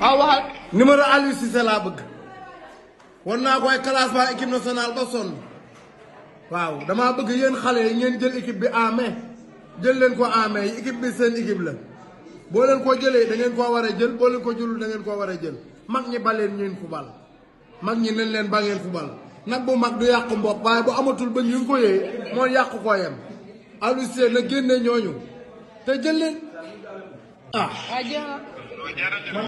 waaw waxal numéro Aliou Cissé laa bëgg war naa koy classement na nationale ba sonn waaw dama bëgg yéen xale yi ngeen jël équipe bi en main jël leen ko en main équipe bi seen équipe la boo leen ko jëlee da ngeen ko war a jël boo ko jëlul da ngeen koo war a jël mag ñi baleen ngeen fubal mag ñi nañ leen ba ngeen bal nag bu mag du yàqu mbokk waaye bu amatul ba ñu ngi ko yee yàqu koo yem Aliou Cissé na génne ñooñu te jël leen ah